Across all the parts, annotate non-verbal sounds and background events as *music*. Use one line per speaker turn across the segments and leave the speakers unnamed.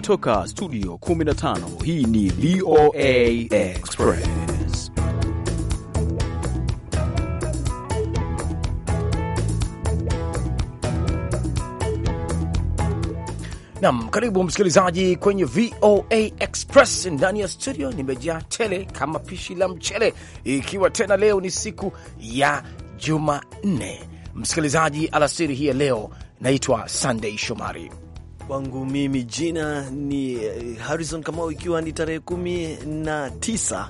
kutoka studio 15 hii ni VOA Express.
Nam, karibu msikilizaji kwenye VOA Express ndani ya studio. Nimejaa tele kama pishi la mchele, ikiwa tena leo ni siku ya Jumanne. Msikilizaji, alasiri hii ya leo naitwa Sunday Shomari
kwangu mimi jina ni eh, Harrison Kamau, ikiwa ni tarehe kumi na tisa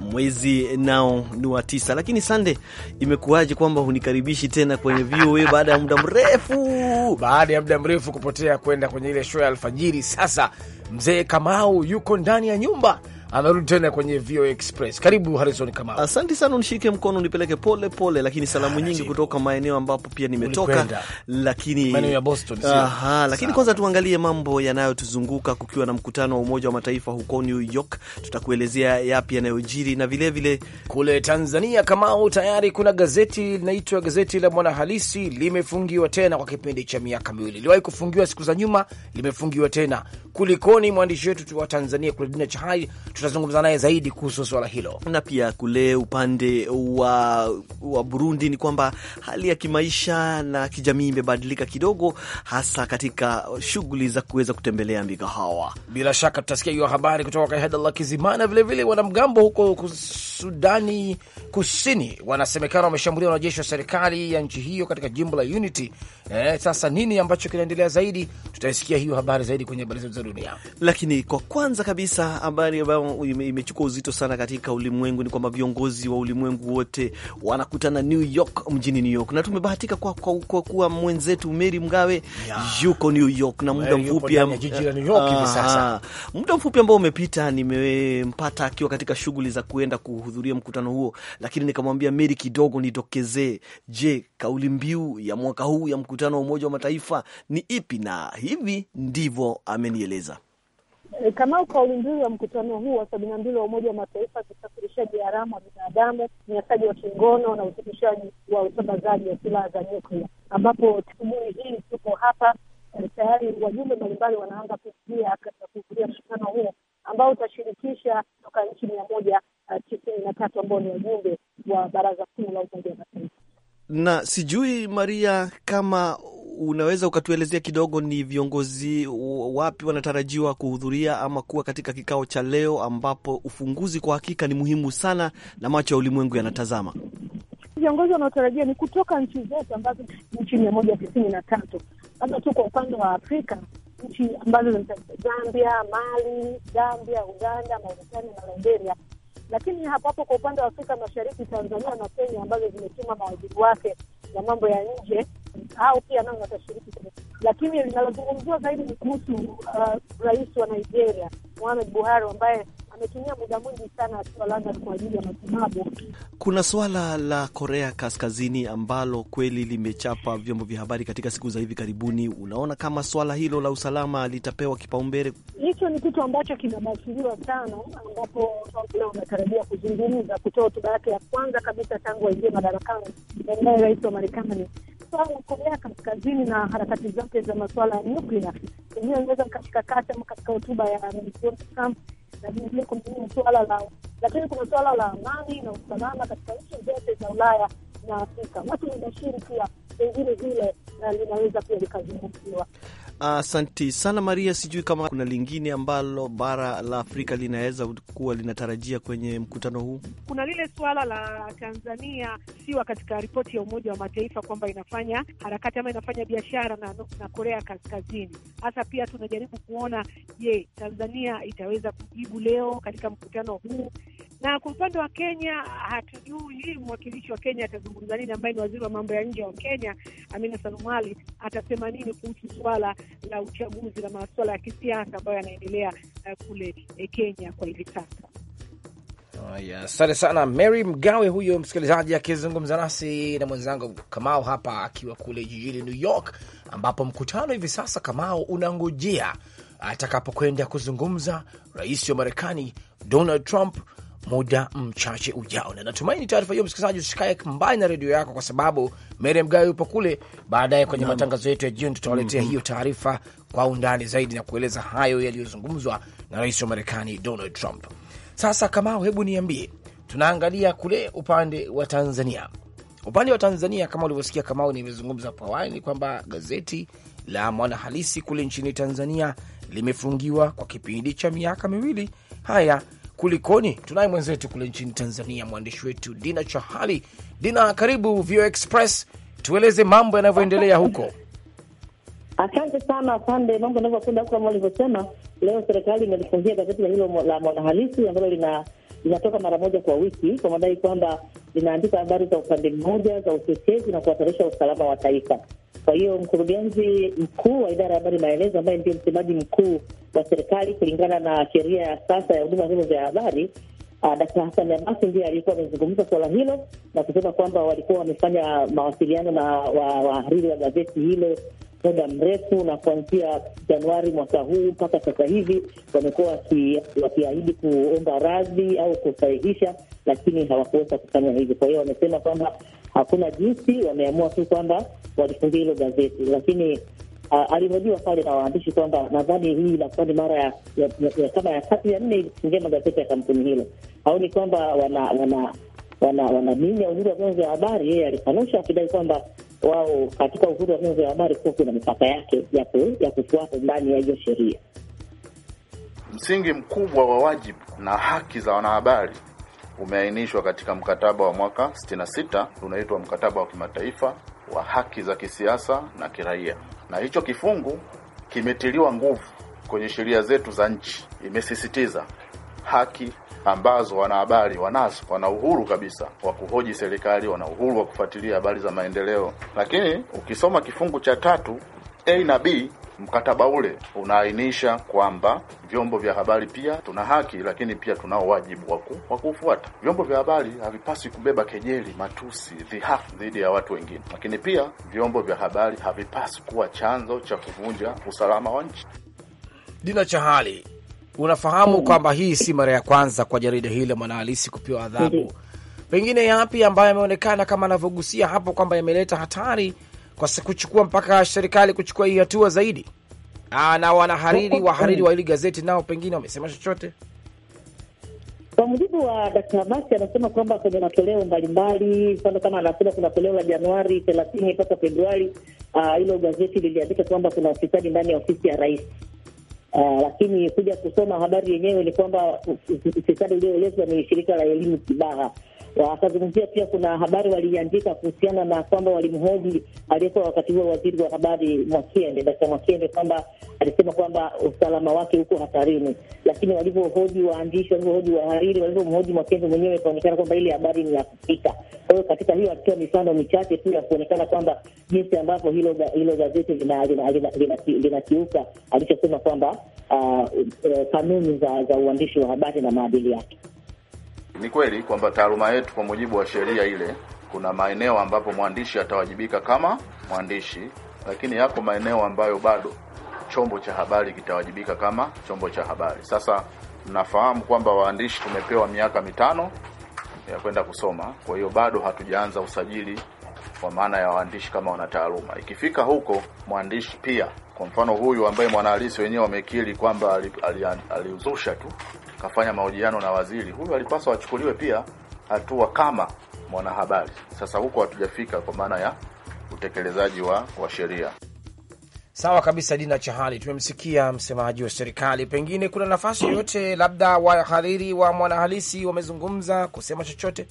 mwezi nao ni wa tisa. Lakini Sande,
imekuwaje kwamba hunikaribishi tena kwenye VOA *laughs* baada ya muda mrefu, baada ya muda mrefu kupotea kwenda kwenye ile show ya alfajiri? Sasa mzee Kamau yuko ndani ya nyumba anarudi tena kwenye VOA Express. Karibu Harrison Kamau. Asante sana, unishike mkono unipeleke
pole pole, lakini salamu ah, nyingi kutoka maeneo ambapo pia nimetoka Lakini maeneo ya Boston aha, lakini kwanza tuangalie mambo yanayotuzunguka kukiwa na mkutano wa Umoja wa Mataifa huko New
York, tutakuelezea yapi yanayojiri na vile vile... kule Tanzania Kamau, tayari kuna gazeti linaitwa gazeti la Mwana Halisi limefungiwa tena kwa kipindi cha miaka miwili. Liliwahi kufungiwa siku za nyuma, limefungiwa tena. Kulikoni? Mwandishi wetu wa Tanzania kule Kuladina Chahai tutazungumza naye zaidi kuhusu swala hilo.
Na pia kule upande wa, wa Burundi ni kwamba hali ya kimaisha na kijamii imebadilika kidogo, hasa katika shughuli za kuweza kutembelea migahawa.
Bila shaka tutasikia hiyo habari kutoka kwa Hedallah Kizimana. Vilevile wanamgambo huko Sudani Kusini wanasemekana wameshambulia wanajeshi wa serikali ya nchi hiyo katika jimbo la Unity. Eh, sasa nini ambacho kinaendelea zaidi? Tutaisikia hiyo habari zaidi kwenye habari zetu za dunia, lakini kwa kwanza kabisa habari
ambayo imechukua uzito sana katika ulimwengu ni kwamba viongozi wa ulimwengu wote wanakutana New York, mjini New York, na tumebahatika kwa, kwa, kwa kuwa mwenzetu Meri Mgawe yeah, yuko New York na muda mfupi muda mfupi ambao umepita nimempata akiwa katika shughuli za kuenda kuhudhuria mkutano huo, lakini nikamwambia Meri, kidogo nidokezee, je, kauli mbiu ya mwaka huu ya mkutano wa Umoja wa Mataifa ni ipi? Na hivi ndivyo amenieleza.
Eh, Kamau, kauli mbiu ya mkutano huu wa sabini na mbili wa Umoja wa Mataifa kusafirishaji haramu wa binadamu, unyanyasaji wa kingono na usafirishaji wa usambazaji wa silaha za nyuklia, ambapo asubuhi hii tuko hapa eh, tayari, wajumbe mbalimbali wanaanza kuingia katika kuhudhuria mkutano huo ambao utashirikisha kutoka nchi mia moja eh, tisini na tatu ambao ni wajumbe wa Baraza Kuu la
Umoja wa Mataifa
na sijui Maria, kama unaweza ukatuelezea kidogo, ni viongozi wapi wanatarajiwa kuhudhuria ama kuwa katika kikao cha leo, ambapo ufunguzi kwa hakika ni muhimu sana na macho ya ulimwengu yanatazama.
Viongozi wanaotarajia ni kutoka nchi zote ambazo nchi mia moja tisini na tatu labda tu kwa upande wa Afrika nchi ambazo Zambia, Mali, Zambia, Uganda, Mauritania na Nigeria lakini hapo hapo kwa upande wa Afrika Mashariki, Tanzania na Kenya ambazo zimetuma mawaziri wake ya mambo ya nje au pia nao watashiriki, lakini linalozungumziwa zaidi ni kuhusu uh, rais wa Nigeria Muhamed Buhari ambaye ametumia muda mwingi sana akiwa London kwa ajili ya matibabu.
Kuna swala la Korea Kaskazini ambalo kweli limechapa vyombo vya habari katika siku za hivi karibuni. Unaona kama swala hilo la usalama litapewa kipaumbele?
Hicho ni kitu ambacho kinabashiriwa sana, ambapo Trump kuzungumza, kutoa hotuba yake ya kwanza kabisa tangu waingie madarakani, endaye rais wa Marekani swala la Korea Kaskazini na harakati zake za masuala ya nyuklia, enyewe katika kata ama katika hotuba ya rais Trump na vilevile kuna suala la lakini kuna suala la amani na usalama katika nchi zote za Ulaya na Afrika. Watu ni bashiri pia pengine vile linaweza pia likazungumziwa.
Asanti uh, sana Maria. Sijui kama kuna lingine ambalo bara la Afrika linaweza kuwa linatarajia kwenye mkutano huu.
Kuna lile suala la Tanzania siwa katika ripoti ya Umoja wa Mataifa kwamba inafanya harakati ama inafanya biashara na, na Korea Kaskazini. Hasa pia tunajaribu kuona, je, Tanzania itaweza kujibu leo katika mkutano huu na kwa upande wa Kenya hatujui mwakilishi wa Kenya atazungumza nini, ambaye ni waziri wa mambo ya nje wa Kenya Amina Salumali atasema nini kuhusu suala la uchaguzi na masuala ya kisiasa ambayo yanaendelea uh, kule e Kenya kwa hivi sasa.
Haya, asante sana Mary Mgawe, huyo msikilizaji akizungumza nasi na mwenzangu Kamao hapa akiwa kule jijini New York, ambapo mkutano hivi sasa Kamao unangojea atakapokwenda kuzungumza rais wa Marekani Donald Trump muda mchache ujao, na natumaini taarifa hiyo, msikilizaji, usikae mbali na redio yako, kwa sababu Mary Mgawe yupo kule. Baadaye kwenye Nama. matangazo yetu ya jioni tutawaletea mm -hmm. hiyo taarifa kwa undani zaidi na kueleza hayo yaliyozungumzwa na rais wa Marekani Donald Trump. Sasa Kamau, hebu niambie, tunaangalia kule upande wa Tanzania. Upande wa Tanzania, kama ulivyosikia Kamau, nimezungumza hapo awali, ni kwamba gazeti la Mwanahalisi kule nchini Tanzania limefungiwa kwa kipindi cha miaka miwili. Haya kulikoni. Tunaye mwenzetu kule nchini Tanzania, mwandishi wetu Dina Chahali. Dina, karibu Vio Express, tueleze mambo yanavyoendelea huko. Asante
sana asante. mambo yanavyokwenda huko kama ulivyosema, leo, serikali imelifungia gazeti la hilo la Mwanahalisi ambalo lina linatoka mara moja kwa wiki kwa madai kwamba linaandika habari za upande mmoja za uchochezi na kuhatarisha usalama wa taifa. Kwa hiyo mkurugenzi mkuu wa idara ya habari maelezo, ambaye ndio msemaji mkuu wa serikali kulingana na sheria ya sasa ya huduma vyombo vya habari, ah, Dakta Hassan Abasi ndiye aliyekuwa amezungumza suala hilo na kusema kwamba walikuwa wamefanya mawasiliano na wahariri wa, wa gazeti hilo muda mrefu, na kuanzia Januari mwaka huu mpaka sasa hivi wamekuwa wakiahidi kuomba radhi au kusahihisha, lakini hawakuweza kufanya hivyo. Kwa hiyo wamesema kwamba hakuna jinsi, wameamua tu kwamba walifungia hilo gazeti, lakini Uh, alihojiwa pale na waandishi kwamba nadhani hii inakuwa ni mara ya, ya, ya kama ya tatu ya nne ikifungia magazeti ya kampuni hilo, au ni kwamba wanaminya wana, wana, wana uhuru wa vyombo vya habari. Yeye alikanusha akidai kwamba wao katika uhuru wa vyombo vya habari kuwa kuna mipaka yake ya kufuata ndani ya hiyo sheria.
Msingi mkubwa wa wajibu na haki za wanahabari umeainishwa katika mkataba wa mwaka 66 unaitwa mkataba wa kimataifa wa haki za kisiasa na kiraia, na hicho kifungu kimetiliwa nguvu kwenye sheria zetu za nchi. Imesisitiza haki ambazo wanahabari wanazo, wana uhuru kabisa wa kuhoji serikali, wana uhuru wa kufuatilia habari za maendeleo. Lakini ukisoma kifungu cha tatu A na B mkataba ule unaainisha kwamba vyombo vya habari pia tuna haki, lakini pia tunao wajibu wa kufuata. Vyombo vya habari havipaswi kubeba kejeli, matusi, dhihafu dhidi ya watu wengine, lakini pia vyombo vya habari havipaswi kuwa chanzo cha kuvunja usalama wa nchi.
Dina Chahali unafahamu mm, kwamba hii si mara ya kwanza kwa jarida hili la Mwanahalisi kupewa adhabu mm -hmm. Pengine yapi ambayo yameonekana kama anavyogusia hapo kwamba yameleta hatari kwa kuchukua mpaka serikali kuchukua hii hatua zaidi? Aa, ah, na wanahariri mm-hmm. wahariri wa hili gazeti nao pengine wamesema chochote?
Kwa mujibu wa Dkt. Abasi anasema kwamba kwenye matoleo mbalimbali, mfano kama anasema kuna toleo la Januari thelathini mpaka Februari, ah, hilo uh, gazeti liliandika kwamba kuna ufisadi ndani ya ofisi ya rais. Uh, lakini kuja kusoma habari yenyewe ni kwamba serikali iliyoelezwa ni shirika la elimu Kibaha Wakazungumzia pia, kuna habari waliandika kuhusiana na kwamba walimhoji aliyekuwa wakati huo waziri wa habari Mwakiende, Dakta Mwakiende, kwamba alisema kwamba usalama wake uko hatarini, lakini walivyohoji waandishi, walivyohoji wahariri, walivyomhoji Mwakiende mwenyewe, ikaonekana kwamba ile habari ni ya kupika. Kwa hiyo katika hiyo alitoa mifano michache tu ya kuonekana kwamba jinsi ambavyo hilo hilo gazeti linakiuka alichosema kwamba ah, eh, kanuni za uandishi wa habari na maadili yake.
Ni kweli kwamba taaluma yetu kwa mujibu wa sheria ile, kuna maeneo ambapo mwandishi atawajibika kama mwandishi, lakini yako maeneo ambayo bado chombo cha habari kitawajibika kama chombo cha habari. Sasa nafahamu kwamba waandishi tumepewa miaka mitano ya kwenda kusoma, kwa hiyo bado hatujaanza usajili kwa maana ya waandishi kama wanataaluma. Ikifika huko mwandishi pia, kwa mfano huyu ambaye mwanahalisi wenyewe wamekiri kwamba aliuzusha ali, ali tu kafanya mahojiano na waziri huyu, alipaswa wachukuliwe pia hatua kama mwanahabari. Sasa huko hatujafika kwa maana ya utekelezaji wa, wa sheria.
Sawa kabisa, Dina Chahali, tumemsikia msemaji wa serikali. Pengine kuna nafasi yoyote labda wahariri wa Mwanahalisi wamezungumza kusema chochote?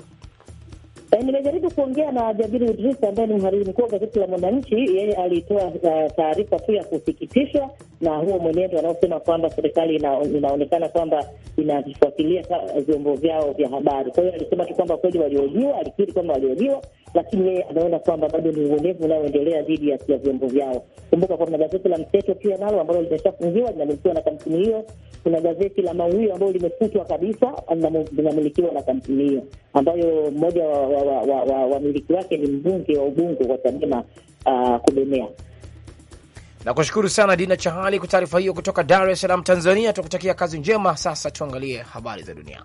E, nimejaribu kuongea na Jabiru Idris ambaye ni mhariri mkuu wa gazeti la Mwananchi. Yeye alitoa uh, taarifa tu ya kusikitishwa na huo mwenendo anaosema kwamba serikali ina, inaonekana kwamba inavifuatilia vyombo vyao vya habari. Kwa hiyo alisema tu kwamba kweli waliojiwa, alikiri kwamba waliojiwa, lakini yeye anaona kwamba bado ni uonevu unaoendelea dhidi ya vyombo vyao. Kumbuka kuna gazeti la Mseto pia nalo ambalo limeshafungiwa linamilikiwa na kampuni hiyo. Kuna gazeti la Mawio ambayo limefutwa kabisa, linamilikiwa na kampuni hiyo ambayo mmoja wa wamiliki wake ni mbunge wa Ubungo kwa Chadema ah, Kubemea. Kubemea.
Nakushukuru sana Dina Chahali kwa taarifa hiyo kutoka Dar es Salaam, Tanzania. Tukutakia kazi njema. Sasa tuangalie habari za dunia.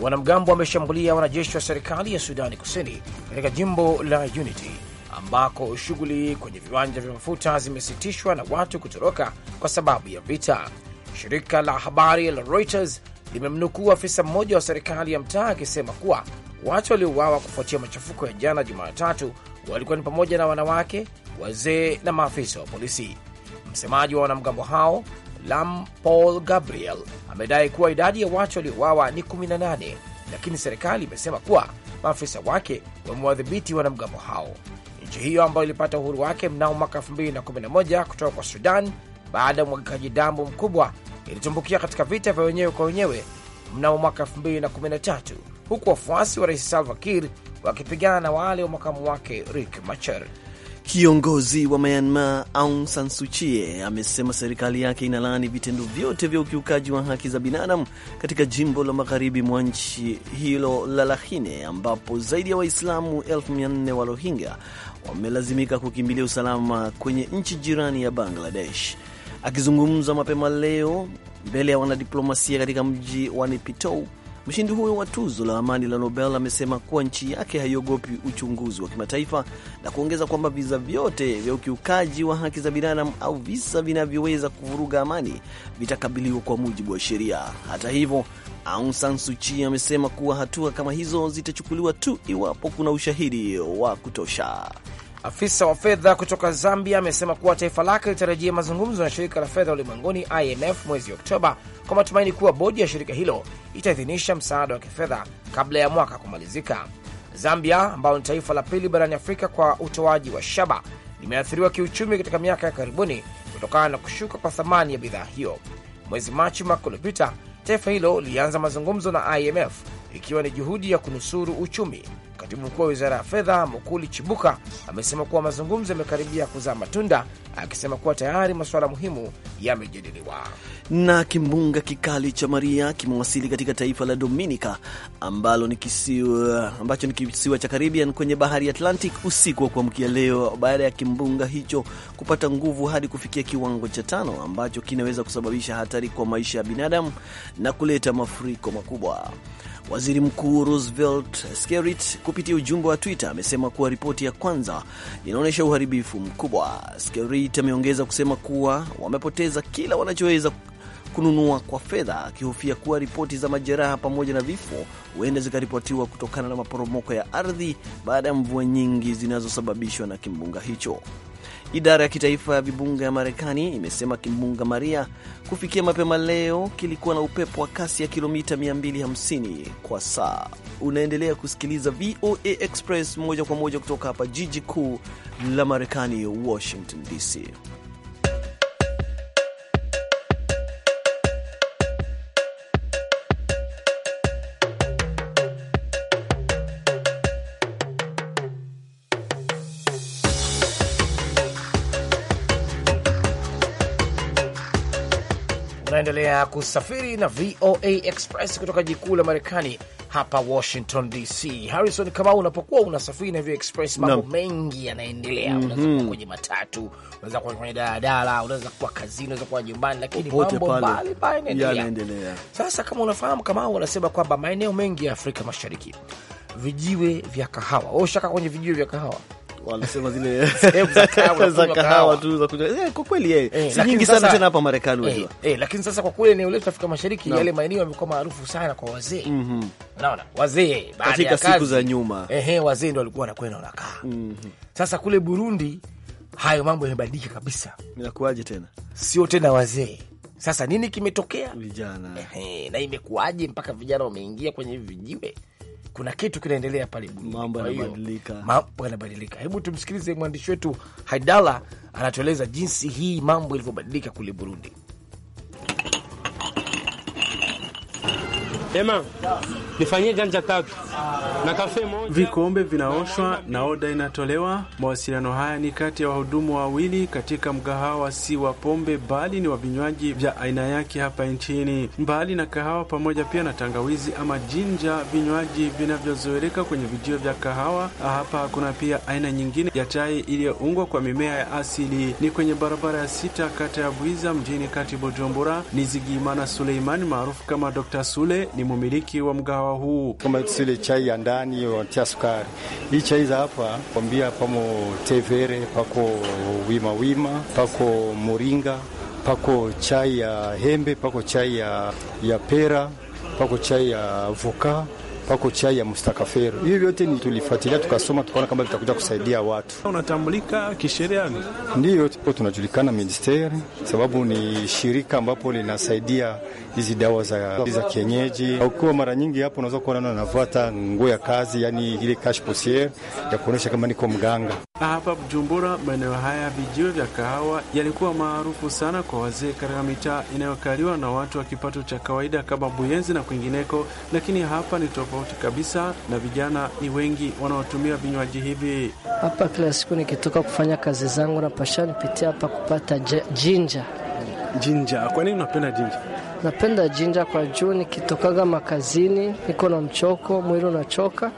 Wanamgambo wameshambulia wanajeshi wa serikali ya Sudani Kusini katika jimbo la Unity ambako shughuli kwenye viwanja vya mafuta zimesitishwa na watu kutoroka kwa sababu ya vita. Shirika la habari la Reuters limemnukuu afisa mmoja wa serikali ya mtaa akisema kuwa watu waliouawa kufuatia machafuko ya jana Jumatatu walikuwa ni pamoja na wanawake, wazee na maafisa wa polisi. Msemaji wa wanamgambo hao Lam Paul Gabriel amedai kuwa idadi ya watu waliouawa ni 18 lakini serikali imesema kuwa maafisa wake wamewadhibiti wanamgambo hao. Nchi hiyo ambayo ilipata uhuru wake mnamo mwaka 2011 kutoka kwa Sudan baada ya umwagikaji damu mkubwa ilitumbukia katika vita vya wenyewe kwa wenyewe mnamo mwaka 2013 huku wafuasi wa rais Salva Kiir wakipigana na wale wa makamu wake rick Machar.
Kiongozi wa Myanmar Aung San Suu Kyi amesema serikali yake inalaani vitendo vyote vya ukiukaji wa haki za binadamu katika jimbo la magharibi mwa nchi hilo la Rakhine ambapo zaidi ya Waislamu 1400 wa Rohingya wamelazimika kukimbilia usalama kwenye nchi jirani ya Bangladesh. Akizungumza mapema leo mbele ya wanadiplomasia katika mji wa nipitou Mshindi huyo wa tuzo la amani la Nobel amesema kuwa nchi yake haiogopi uchunguzi wa kimataifa na kuongeza kwamba visa vyote vya ukiukaji wa haki za binadamu au visa vinavyoweza kuvuruga amani vitakabiliwa kwa mujibu wa sheria. Hata hivyo, Aung San Suu Kyi amesema kuwa hatua kama hizo zitachukuliwa tu iwapo kuna ushahidi wa kutosha.
Afisa wa fedha kutoka Zambia amesema kuwa taifa lake litarajia mazungumzo na shirika la fedha ulimwenguni IMF mwezi Oktoba kwa matumaini kuwa bodi ya shirika hilo itaidhinisha msaada wa kifedha kabla ya mwaka kumalizika. Zambia ambayo ni taifa la pili barani Afrika kwa utoaji wa shaba limeathiriwa kiuchumi katika miaka ya karibuni kutokana na kushuka kwa thamani ya bidhaa hiyo. Mwezi Machi mwaka uliopita, taifa hilo lilianza mazungumzo na IMF ikiwa ni juhudi ya kunusuru uchumi. Katibu mkuu wa wizara ya fedha Mukuli Chibuka amesema kuwa mazungumzo yamekaribia kuzaa matunda, akisema kuwa tayari masuala muhimu yamejadiliwa.
Na kimbunga kikali cha Maria kimewasili katika taifa la Dominica ambalo ni kisiwa, ambacho ni kisiwa cha Caribbean kwenye bahari Atlantic usiku wa kuamkia leo baada ya kimbunga hicho kupata nguvu hadi kufikia kiwango cha tano ambacho kinaweza kusababisha hatari kwa maisha ya binadamu na kuleta mafuriko makubwa. Waziri Mkuu Roosevelt Skerrit kupitia ujumbe wa Twitter amesema kuwa ripoti ya kwanza inaonyesha uharibifu mkubwa. Skerrit ameongeza kusema kuwa wamepoteza kila wanachoweza kununua kwa fedha, akihofia kuwa ripoti za majeraha pamoja na vifo huenda zikaripotiwa kutokana na maporomoko ya ardhi baada ya mvua nyingi zinazosababishwa na kimbunga hicho. Idara ya kitaifa ya vibunga ya Marekani imesema kimbunga Maria kufikia mapema leo kilikuwa na upepo wa kasi ya kilomita 250 kwa saa. Unaendelea kusikiliza VOA Express moja kwa moja kutoka hapa jiji kuu la Marekani, Washington DC.
Unaendelea kusafiri na VOA Express kutoka jikuu la Marekani hapa Washington DC. Harrison, kama unapokuwa unasafiri na VOA Express, mambo no. mengi yanaendelea mm -hmm. Unaweza kuwa kwenye matatu, unaweza kuwa kwenye daladala, unaweza kuwa kazini, unaweza kuwa nyumbani, lakini mambo mbalimbali yanaendelea. Sasa kama unafahamu, kama wanasema kwamba maeneo mengi ya Afrika Mashariki vijiwe vya kahawa, ushaka kwenye vijiwe vya kahawa wanasema zile *laughs* za kahawa
tu za kunywa eh, kwa kweli yeye eh, si nyingi sana tena hapa Marekani unajua
eh, lakini sasa kwa kweli eneo letu Afrika Mashariki no. yale maeneo yamekuwa maarufu sana kwa wazee mm -hmm. unaona wazee katika siku za nyuma ehe, wazee ndio walikuwa wanakwenda wanakaa mm -hmm. Sasa kule Burundi hayo mambo yamebadilika kabisa, inakuwaje tena, sio tena wazee sasa nini kimetokea? Vijana eh, na imekuwaje mpaka vijana wameingia kwenye hivi vijiwe? kuna kitu kinaendelea pale Burundi, mambo yanabadilika. Hebu tumsikilize mwandishi wetu Haidala anatueleza jinsi hii mambo ilivyobadilika kule Burundi.
Ema, nifanyie janja tatu na kafe moja. Vikombe vinaoshwa na oda inatolewa. Mawasiliano haya ni kati ya wahudumu wawili katika mgahawa, si wa pombe bali ni wa vinywaji vya aina yake hapa nchini. Mbali na kahawa, pamoja pia na tangawizi ama jinja, vinywaji vinavyozoeleka kwenye vijio vya kahawa. Hapa kuna pia aina nyingine ya chai iliyoungwa kwa mimea ya asili. Ni kwenye barabara ya sita, kata ya Bwiza, mjini kati Bujumbura. Ni Zigimana Suleimani
maarufu kama Dr. Sule ni mumiliki wa mgawa huu. Kama zile chai ya ndani watia sukari, hii chai za hapa kwambia, pamo tevere, pako wimawima wima, pako moringa, pako chai ya hembe, pako chai ya, ya pera, pako chai ya avoka pako chai ya mustakafero. Hiyo vyote ni tulifuatilia, tukasoma, tukaona kama vitakuja kusaidia watu. Unatambulika kisheria, ndiyo tunajulikana ministeri, sababu ni shirika ambapo linasaidia hizi dawa za, za kienyeji. Ukiwa mara nyingi hapo unaweza kuona anafuata nguo ya kazi, yani ile cash poussiere ya kuonesha kama niko mganga.
Hapa Bujumbura, maeneo haya vijiwe vya kahawa yalikuwa maarufu sana kwa wazee katika mitaa inayokaliwa na watu wa kipato cha kawaida kama Buyenzi na kwingineko, lakini hapa ni tofauti tofauti kabisa, na vijana ni wengi wanaotumia vinywaji hivi.
Hapa kila siku nikitoka kufanya kazi zangu na pasha nipitia hapa kupata jinja.
Jinja, kwa nini unapenda jinja?
Napenda jinja kwa juu, nikitokaga makazini niko na mchoko, mwili unachoka,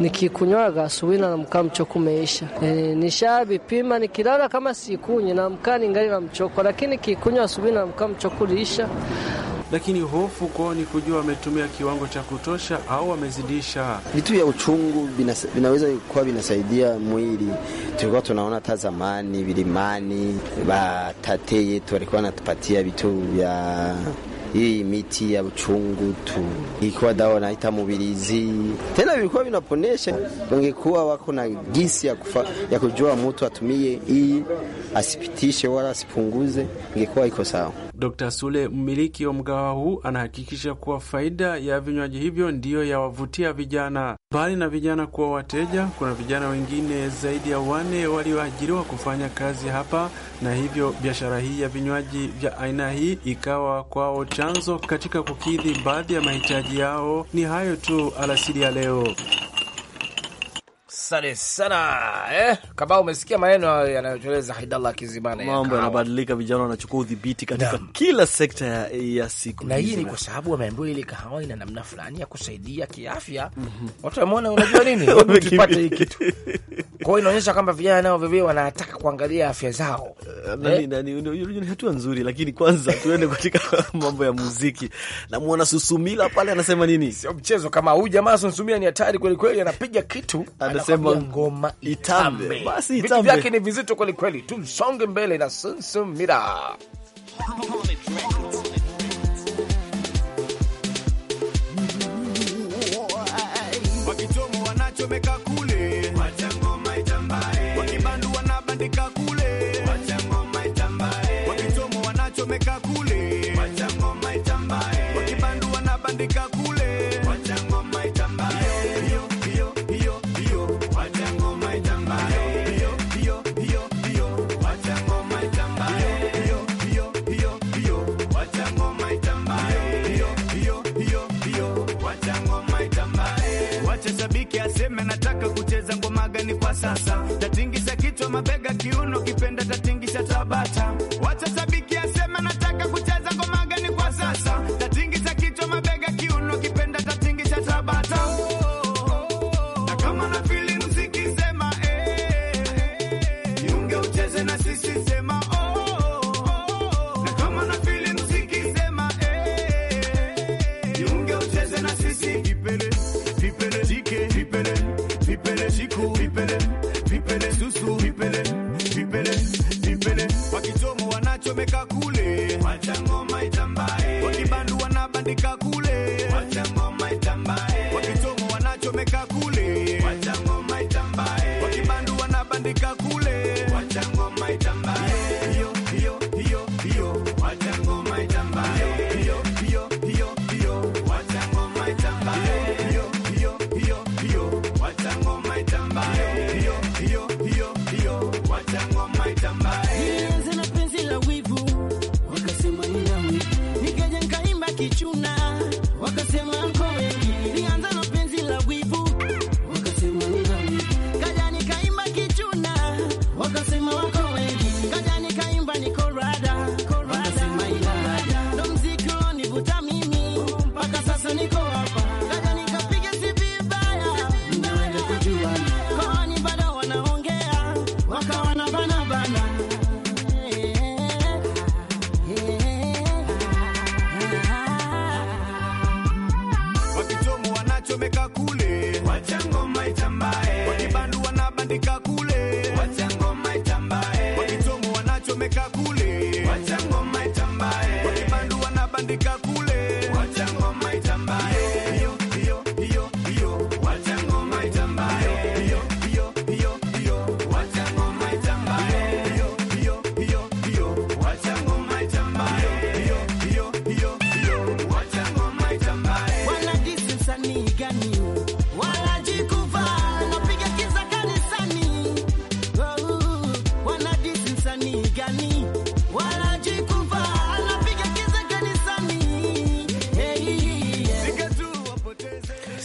nikikunywaga asubuhi na namkaa mchoko umeisha. E, nishavipima nikilala, kama sikunywi namkaa ningali na mchoko, lakini kikunywa asubuhi na namkaa mchoko uliisha
lakini hofu kwao ni kujua wametumia kiwango cha kutosha au wamezidisha.
Vitu vya uchungu
vinaweza vinaweza kuwa vinasaidia mwili. Tulikuwa tunaona hata zamani vilimani batate yetu walikuwa wanatupatia vitu vya hii miti ya uchungu tu ilikuwa dawa naita mubirizi, tena vilikuwa vinaponesha.
Wangekuwa wako na gisi ya, kufa, ya kujua mtu atumie hii asipitishe wala asipunguze, ingekuwa iko sawa.
Dr Sule, mmiliki wa mgawa huu, anahakikisha kuwa faida ya vinywaji hivyo ndiyo yawavutia vijana. Mbali na vijana kuwa wateja, kuna vijana wengine zaidi ya wane walioajiriwa kufanya kazi hapa, na hivyo biashara hii ya vinywaji vya aina hii ikawa kwao chanzo katika kukidhi baadhi ya mahitaji yao. Ni hayo tu alasiri ya leo.
Asante sana eh, Kaba, umesikia maneno yanayoteleza Haidallah Kizimana, mambo
yanabadilika, vijana wanachukua udhibiti katika Dam. kila sekta ya, ya siku na hii ni kwa
sababu wameambiwa ile kahawa ina namna fulani ya kusaidia kiafya mm -hmm. watu wameona, unajua nini ukipata *laughs* hii kitu kwa hiyo inaonyesha kwamba vijana nao vivyo wanataka kuangalia afya zao.
Eh, nani eh? nani, ni hatua nzuri, lakini kwanza *laughs* tuende katika *laughs* mambo ya muziki.
Namwona Susumila pale anasema nini? Sio mchezo kama huyu jamaa Susumila ni hatari kweli kweli, anapiga kitu anasema anasema ngoma itambe. Basi itambe, vitu vyake ni vizito kweli kweli. Tumsonge mbele na Sunsumira
ni kwa sasa, tatingisha kichwa, mabega, kiuno, kipenda tatingisha tabata pele, susu, mi pele.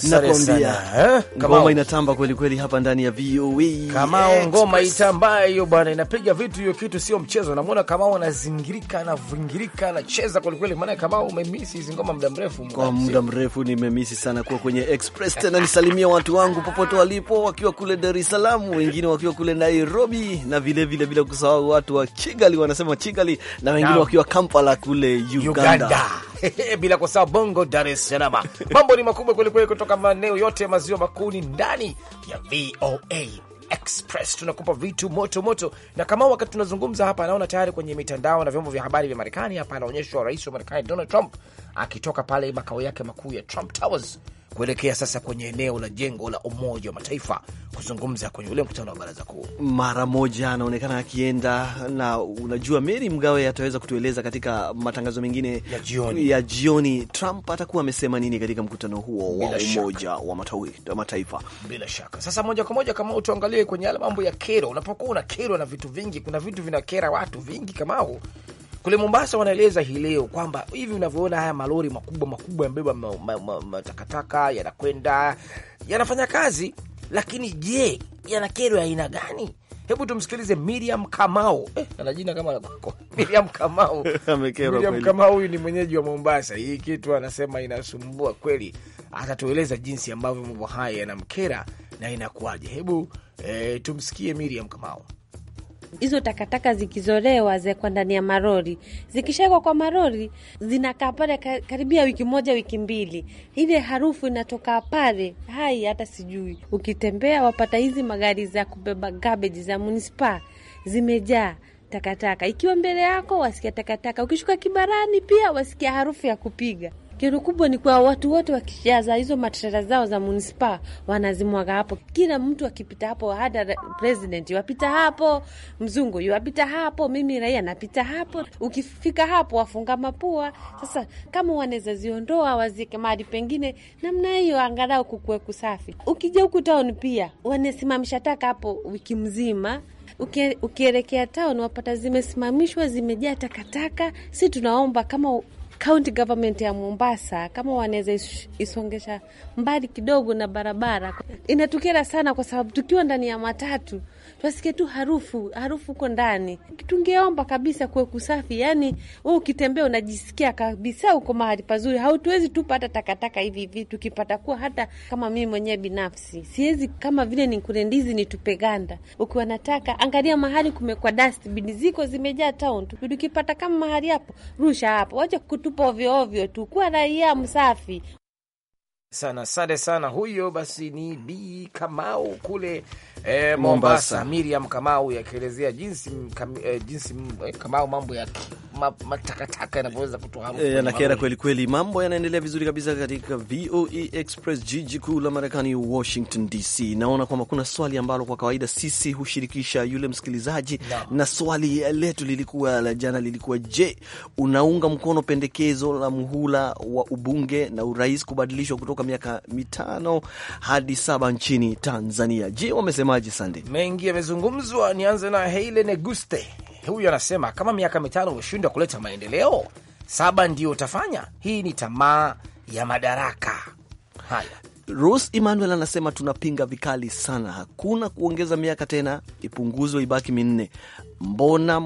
nakwambia eh? ngoma inatamba kweli kweli hapa ndani ya VOA. Kamao ngoma
itambaye hiyo bwana, inapiga vitu hiyo, kitu sio mchezo. Namwona Kamao anazingirika, anavingirika, anacheza kweli kweli. Maana Kamao umemisi hizi ngoma muda mrefu, kwa muda
mrefu nimemisi sana kuwa kwenye Express. Tena nisalimia watu wangu popote walipo, wakiwa kule Dar es Salaam, wengine wakiwa kule Nairobi, na vile vile bila kusahau watu wa Kigali,
wanasema Kigali, na wengine wakiwa Kampala kule Uganda, Uganda. *laughs* bila kusahau Bongo, Dar es Salaam. *laughs* Mambo ni makubwa kweli kweli kutoka kutoka maeneo yote ya maziwa makuu ni ndani ya VOA Express. Tunakupa vitu moto moto, na kama wakati tunazungumza hapa, anaona tayari kwenye mitandao na vyombo vya habari vya Marekani. Hapa anaonyeshwa rais wa Marekani Donald Trump akitoka pale makao yake makuu ya Trump Towers kuelekea sasa kwenye eneo la jengo la Umoja wa Mataifa kuzungumza kwenye ule mkutano wa baraza kuu.
Mara moja anaonekana akienda, na unajua meri Mgawe ataweza kutueleza katika matangazo mengine ya jioni, ya jioni Trump atakuwa amesema nini katika mkutano huo wa Umoja wa Mataifa.
Bila shaka sasa, moja kwa moja kama utuangalie kwenye yale mambo ya kero. Unapokuwa kero na vitu vingi, kuna vitu vinakera watu vingi, Kamau kule Mombasa wanaeleza hii leo kwamba hivi unavyoona haya malori makubwa makubwa yamebeba matakataka yanakwenda, yanafanya kazi, lakini je, yana kero ya aina gani? Hebu tumsikilize Miriam Kamau eh, ana jina kama lako *laughs* Miriam Kamau.
*laughs* Miriam Kamau
huyu ni mwenyeji wa Mombasa. Hii kitu anasema inasumbua kweli, atatueleza jinsi ambavyo mambo haya yanamkera na inakuwaje. Hebu eh, tumsikie Miriam Kamau
hizo takataka zikizolewa zekwa ndani ya marori, zikishawekwa kwa marori zinakaa pale karibia wiki moja, wiki mbili, ile harufu inatoka pale hai, hata sijui. Ukitembea wapata hizi magari za kubeba garbage za munisipa zimejaa takataka, ikiwa mbele yako wasikia takataka, ukishuka kibarani pia wasikia harufu ya kupiga Kero kubwa ni kwa watu wote wakishaza hizo matrela zao za munisipa wanazimwaga hapo. Kila mtu akipita hapo, hata president wapita hapo, mzungu wapita hapo, mimi raia napita hapo. Ukifika hapo wafunga mapua. Sasa kama wanaweza ziondoa wazieke mahali pengine, namna hiyo angalau kukuwe kusafi. Ukija huku town pia wanasimamisha taka hapo wiki mzima ukielekea town wapata zimesimamishwa zimejaa takataka. Si tunaomba kama county government ya Mombasa kama wanaweza isongesha mbali kidogo na barabara. Inatukera sana kwa sababu tukiwa ndani ya matatu twasikie tu harufu harufu huko ndani. Tungeomba kabisa kuwe kusafi, yani wewe ukitembea unajisikia kabisa uko mahali pazuri. Hautuwezi tupa hata takataka hivi hivi, tukipata kuwa hata kama mimi mwenyewe binafsi siwezi kama vile nikule ndizi nitupe ganda. Ukiwa nataka angalia mahali kumekwa dustbin ziko zimejaa town, tukipata kama mahali hapo rusha hapo, wacha kutupa ovyo ovyo tu, kuwa raia msafi
sana sade sana. Huyo basi ni B Kamau kule e, Mombasa, Miriam Kamau yakielezea jinsi, kam, e, jinsi e, Kamau mambo ya ma, matakataka yanavyoweza kutoa harufu yanakera e,
kweli kweli. Mambo yanaendelea vizuri kabisa katika VOE Express, jiji kuu la Marekani, Washington DC. Naona kwamba kuna swali ambalo kwa kawaida sisi hushirikisha yule msikilizaji no. na swali letu lilikuwa la jana lilikuwa je, unaunga mkono pendekezo la muhula wa ubunge na urais kubadilishwa kutoka kutoka miaka mitano hadi saba nchini Tanzania. Je, wamesemaje? Sande,
mengi yamezungumzwa. Nianze na Heile Neguste, huyu anasema kama miaka mitano umeshindwa kuleta maendeleo, saba ndio utafanya. Hii ni tamaa ya madaraka. Haya. Rose Emmanuel anasema tunapinga vikali
sana, hakuna kuongeza miaka tena, ipunguzwe ibaki minne. Mbona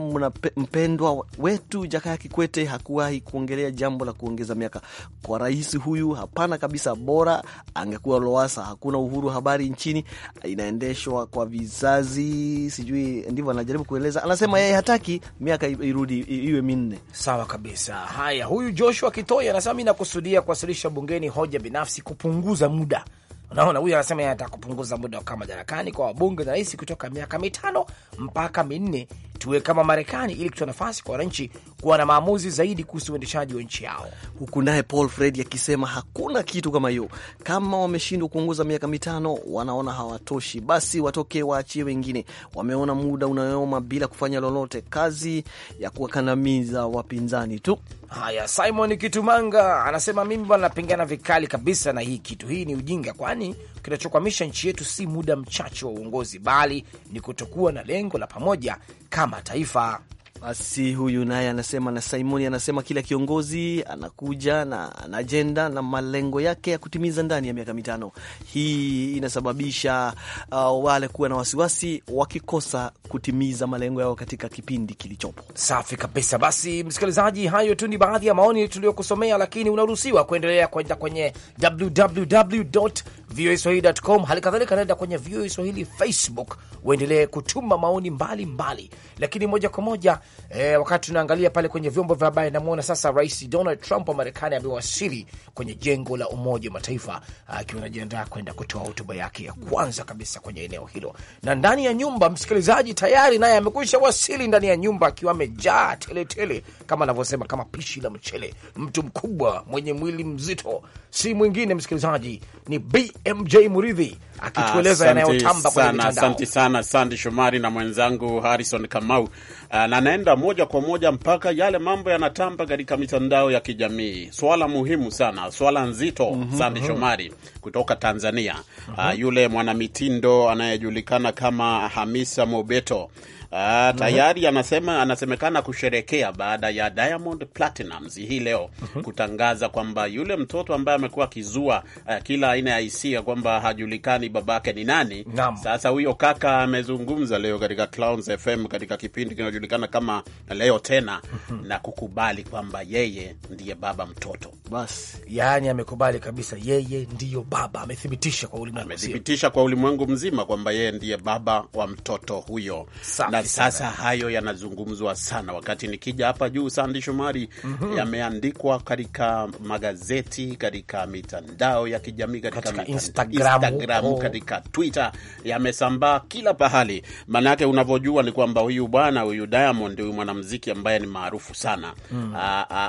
mpendwa wetu Jakaya Kikwete hakuwahi kuongelea jambo la kuongeza miaka kwa rais huyu? Hapana kabisa, bora angekuwa Lowasa. Hakuna uhuru habari nchini, inaendeshwa kwa vizazi, sijui ndivyo anajaribu kueleza. Anasema yeye hataki
miaka irudi iwe minne. Sawa kabisa. Haya, huyu Joshua Kitoi anasema mi nakusudia kuwasilisha bungeni hoja binafsi kupunguza muda muda. Unaona, huyo anasema anataka kupunguza muda kaa madarakani kwa wabunge na rais kutoka miaka mitano mpaka minne, tuwe kama Marekani ili kutoa nafasi kwa wananchi kuwa na maamuzi zaidi kuhusu uendeshaji wa nchi yao,
huku naye Paul Fred akisema hakuna kitu kama hiyo. Kama wameshindwa kuongoza miaka mitano, wanaona hawatoshi, basi watoke waachie wengine. Wameona muda unayoma bila kufanya lolote, kazi
ya kuwakandamiza wapinzani tu. Haya, Simon Kitumanga anasema mimi bwana, napingana vikali kabisa na hii kitu. Hii ni ujinga, kwani kinachokwamisha nchi yetu si muda mchache wa uongozi, bali ni kutokuwa na lengo la pamoja kama taifa.
Basi huyu naye anasema na Simoni anasema kila kiongozi anakuja na ana ajenda na malengo yake ya kutimiza ndani ya miaka mitano. Hii inasababisha
uh, wale kuwa na wasiwasi wakikosa kutimiza malengo yao katika kipindi kilichopo. Safi kabisa. Basi msikilizaji, hayo tu ni baadhi ya maoni tuliyokusomea, lakini unaruhusiwa kuendelea kwenda kwenye www.voaswahili.com, hali kadhalika naenda kwenye VOA Swahili Facebook uendelee kutuma maoni mbalimbali mbali. Lakini moja kwa moja E, wakati tunaangalia pale kwenye vyombo vya habari, namwona sasa Rais Donald Trump wa Marekani amewasili kwenye jengo la Umoja wa Mataifa akiwa anajiandaa kwenda kutoa hotuba yake ya kwanza kabisa kwenye eneo hilo, na ndani ya nyumba, msikilizaji, tayari naye amekwisha wasili ndani ya nyumba akiwa amejaa teletele, kama anavyosema kama pishi la mchele, mtu mkubwa mwenye mwili mzito, si mwingine msikilizaji, ni BMJ Muridhi akitueleza yanayotamba kwenye mitandao. Asante
sana Sandi Shomari na mwenzangu Harrison Kamau. Eh, na naenda moja kwa moja mpaka yale mambo yanatamba katika mitandao ya kijamii. Swala muhimu sana, swala nzito. mm -hmm, Sandi Shomari kutoka Tanzania. mm -hmm. Uh, yule mwanamitindo anayejulikana kama Hamisa Mobeto Ah, tayari Anasema anasemekana kusherekea baada ya Diamond Platinums hii leo mm kutangaza kwamba yule mtoto ambaye amekuwa akizua uh, kila aina ya hisia kwamba hajulikani babake ni nani Nam. Sasa huyo kaka amezungumza leo katika Clowns FM katika kipindi kinachojulikana kama leo tena mm na kukubali kwamba yeye ndiye baba mtoto.
Bas, yani amekubali kabisa yeye ndiyo baba, amethibitisha kwa ulimwengu, amethibitisha
kwa ulimwengu mzima kwamba yeye ndiye baba wa mtoto huyo Sa na sasa hayo yanazungumzwa sana. Wakati nikija hapa juu, Sandi Shomari, mm -hmm. yameandikwa katika magazeti, katika mitandao ya kijamii, katika, Instagram, oh. katika Twitter, yamesambaa kila pahali. Maanake unavyojua ni kwamba huyu bwana huyu Diamond, huyu mwanamuziki ambaye ni maarufu sana mm.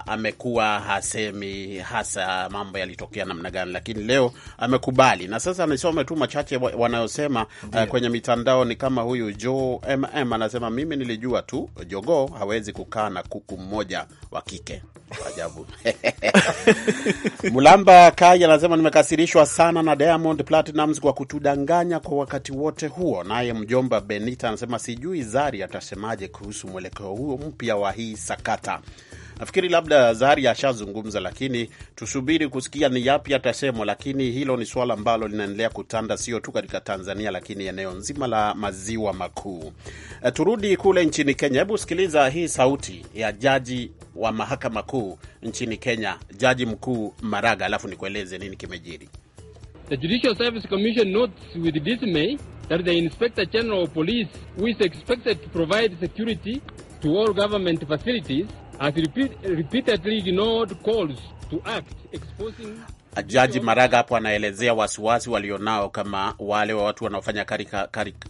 amekuwa hasemi hasa mambo yalitokea namna gani, lakini leo amekubali, na sasa nisome tu machache wanayosema uh, kwenye mitandao ni kama huyu Joe mm anasema mimi nilijua tu jogoo hawezi kukaa na kuku mmoja wa kike. Ajabu.
*laughs*
Mulamba Kai anasema nimekasirishwa sana na Diamond Platinums kwa kutudanganya kwa wakati wote huo. Naye mjomba Benita anasema sijui Zari atasemaje kuhusu mwelekeo huo mpya wa hii sakata. Nafikiri labda Zari ashazungumza, lakini tusubiri kusikia ni yapi atasemwa, lakini hilo ni suala ambalo linaendelea kutanda, sio tu katika Tanzania, lakini eneo nzima la maziwa makuu. E, turudi kule nchini Kenya. Hebu sikiliza hii sauti ya jaji wa mahakama kuu nchini Kenya, Jaji Mkuu Maraga, alafu nikueleze nini kimejiri.
The Judicial Service Commission notes with dismay that the Inspector General of Police who is expected to provide security to all government facilities has repeat, repeatedly ignored calls to act, exposing.
Jaji Maraga hapo anaelezea wasiwasi walionao kama wale wa watu wanaofanya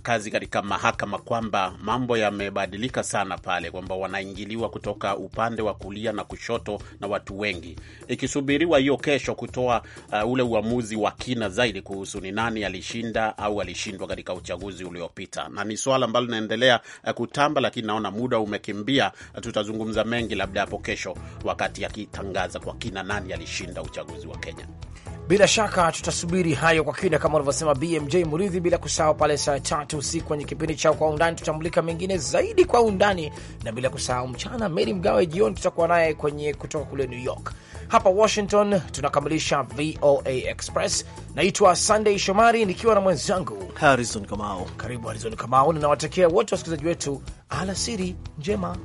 kazi katika mahakama kwamba mambo yamebadilika sana pale, kwamba wanaingiliwa kutoka upande wa kulia na kushoto na watu wengi, ikisubiriwa hiyo kesho kutoa uh, ule uamuzi wa kina zaidi kuhusu ni nani alishinda au alishindwa katika uchaguzi uliopita, na ni swala ambalo linaendelea uh, kutamba, lakini naona muda umekimbia. Uh, tutazungumza mengi labda hapo kesho wakati akitangaza kwa kina nani alishinda uchaguzi wa Kenya.
Bila shaka tutasubiri hayo kwa kina kama unavyosema BMJ Muridhi, bila kusahau pale saa tatu usiku kwenye kipindi chao kwa undani, tutamulika mengine zaidi kwa undani, na bila kusahau mchana, Meri Mgawe jioni tutakuwa naye kwenye kutoka kule New York. Hapa Washington tunakamilisha VOA Express. Naitwa Sunday Shomari nikiwa na mwenzangu Harrison Kamau. Karibu Harrison Kamau, ninawatakia wote wasikilizaji wetu alasiri njema.